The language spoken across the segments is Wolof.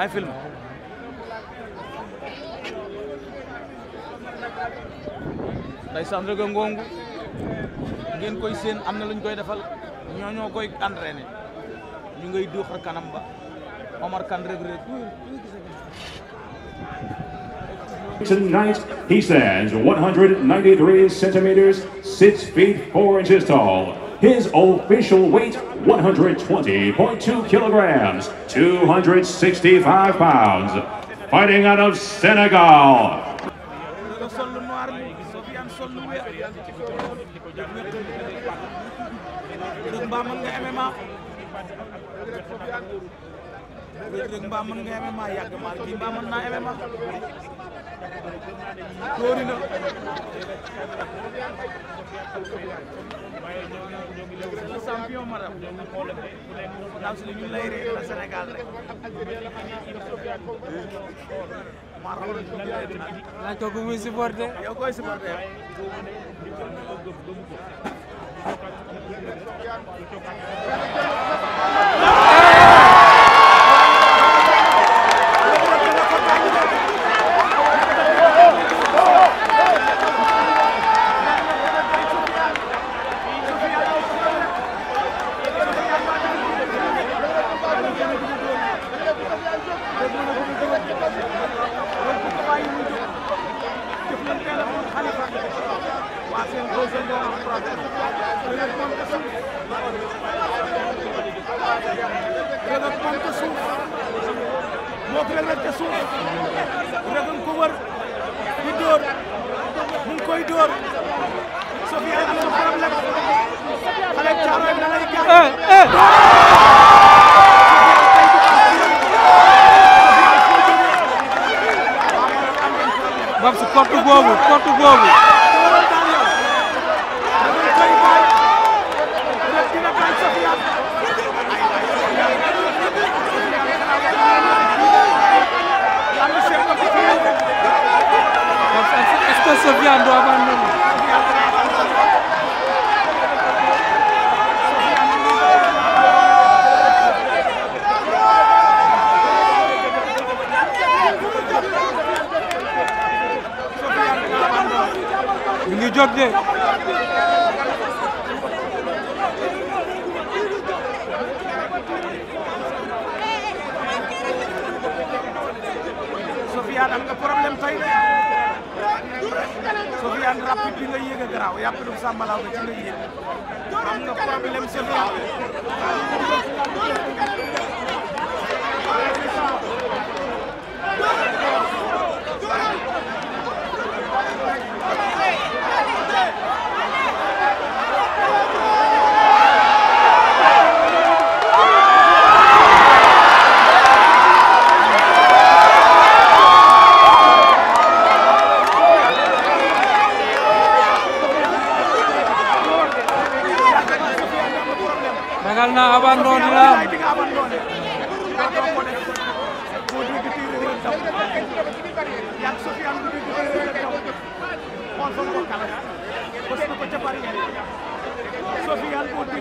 हाँ film ndeysaan rek a ngongu ngeen koy seen am na luñ koy defal ñoo ñoo koy entraîné ñu ngay duuxar kanam ba Omar Kane Reug Reug Tonight, he stands 193 centimeters, 6 feet 4 inches His official weight, 120.2 kilograms, 265 pounds. Fighting out of Senegal. tóori na waaye ñoo ñoo ngi léegi seen la Sénégal rek maa xam ne lay def laaj ko suuf moo ko rek ca suuf rek nga ko wër di dóor mu ngi koy dóor Sofiane am na problème xale caaroy na lay gaañ de Viando abandonné. mi ngi jóg de. Sofiane am nga problème tey de. Sofiane rapide bi nga yéeg a garaaw yàppilum sàmmalaaw bi ci nga yéeg am nga problème Sofiane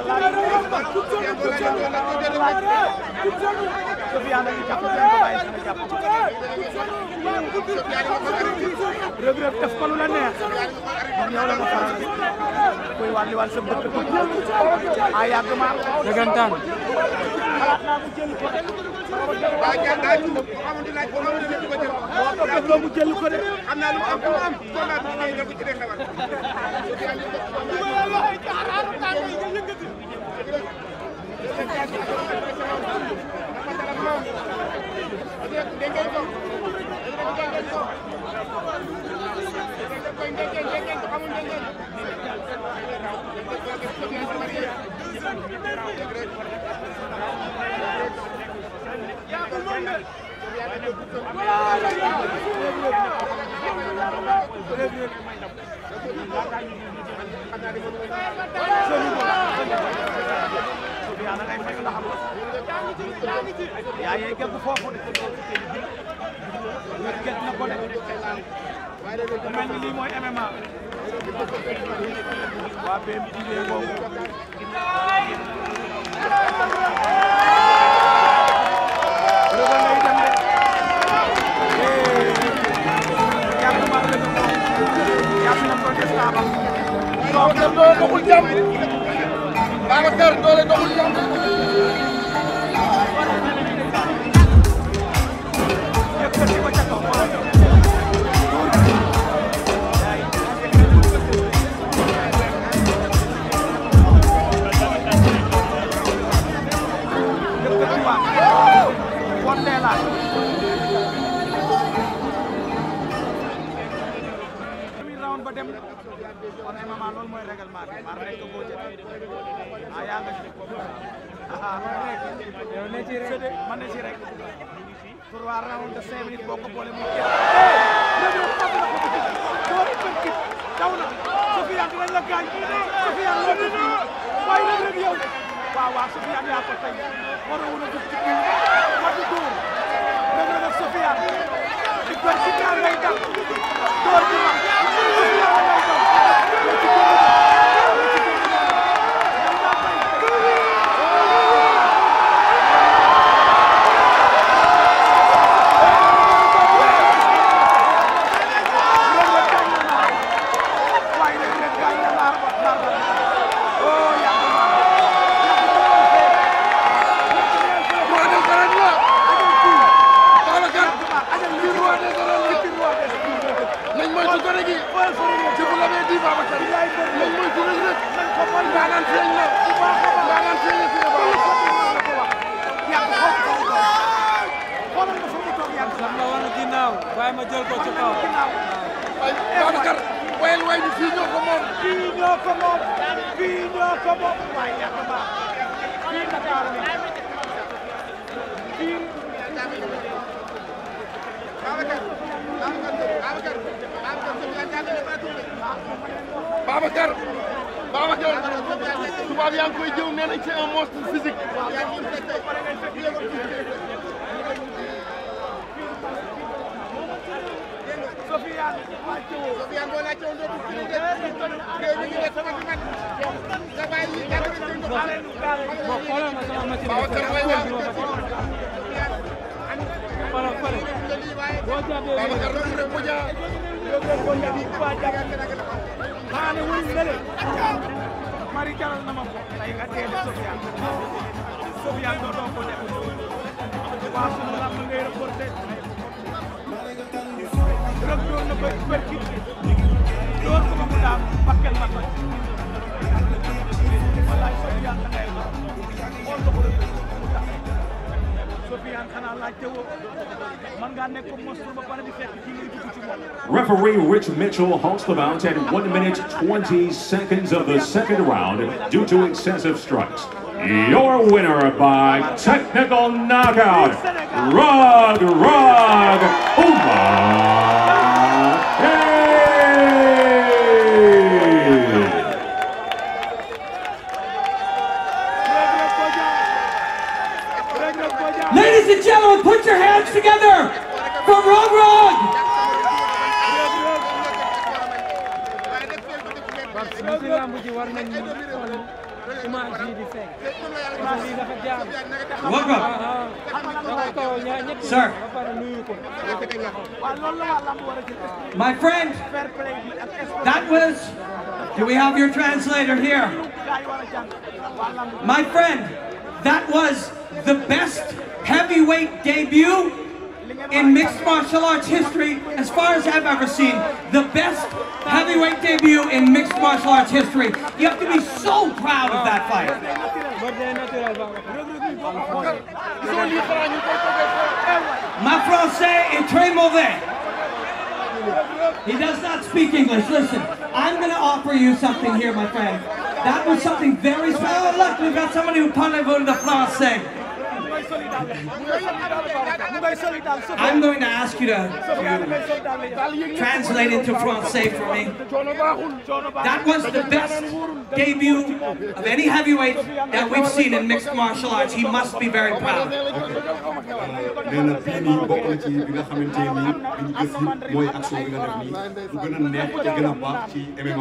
Reug Reug def ko lu la neex moom yow la nga faral koy wàlli wàll sa dëkk a yàgg ma dëggantaan xalaat naa mu jël ko ba jandaa ci ko xamandu laaj ko xamandu ko jël ko def loo mu jël ko de am naa lu am ko am ko na ci def xewal yaa ngi gëgg foofu de gëgg na ko de mel ni lii mooy MMA waa benn bi di leen woowu. yow ne ci rek ne ci rek pour waa round de cinq minutes boo ko boole mu jeex daw na Sofiane dinañ la gaañ Sofiane waaye nag rek yow waaw yaa ko tey waroon na def ci kii wàllu dóor da nga def Sofiane di gën kaar ngay way bi fii ñoo ko moom. fii ñoo ko moom. fii ñoo ko moom. waaye ñàkk a baax fii Dakar bi fii. Babacar Babacar tubaab yaa ngi koy jëw nee nañ c'est un monstre physique. Sofiane doo ko def waa sunu lamb ngay reporté nag door na koy perki door ko ba mu daam bakkel na ko wallaay soo yàlla ngay wax xool ko rek mu taxaw Sofiane xanaa laajte woo man ngaa nekk comme monstre ba pare di fekk ci ngay dugg ci moom Referee Rich Mitchell halts the bout at 1 minute 20 seconds of the second round due to excessive strikes. Your winner by technical knockout, Rug Rug Umar. from Rog Rog. Rog Rog. Sir. My friend, that was. Do we have your translator here? My friend, that was the best heavyweight debut in mixed martial arts history, as far as I've ever seen, the best heavyweight debut in mixed martial arts history. You have to be so proud of that fight. My français est très mauvais. He does not speak English. Listen, I'm going to offer you something here, my friend. That was something very special. Oh, look, we've got somebody who parlez-vous de français. I'm going to ask you to translate into Francais for me. That was the best debut of any heavyweight that we've seen in mixed martial arts. He must be very proud. nee na bii nii bokk na ci bi nga xamante ni li ñu gis mooy action bi nga def nii mu gën a neex te gën a baax ci MMA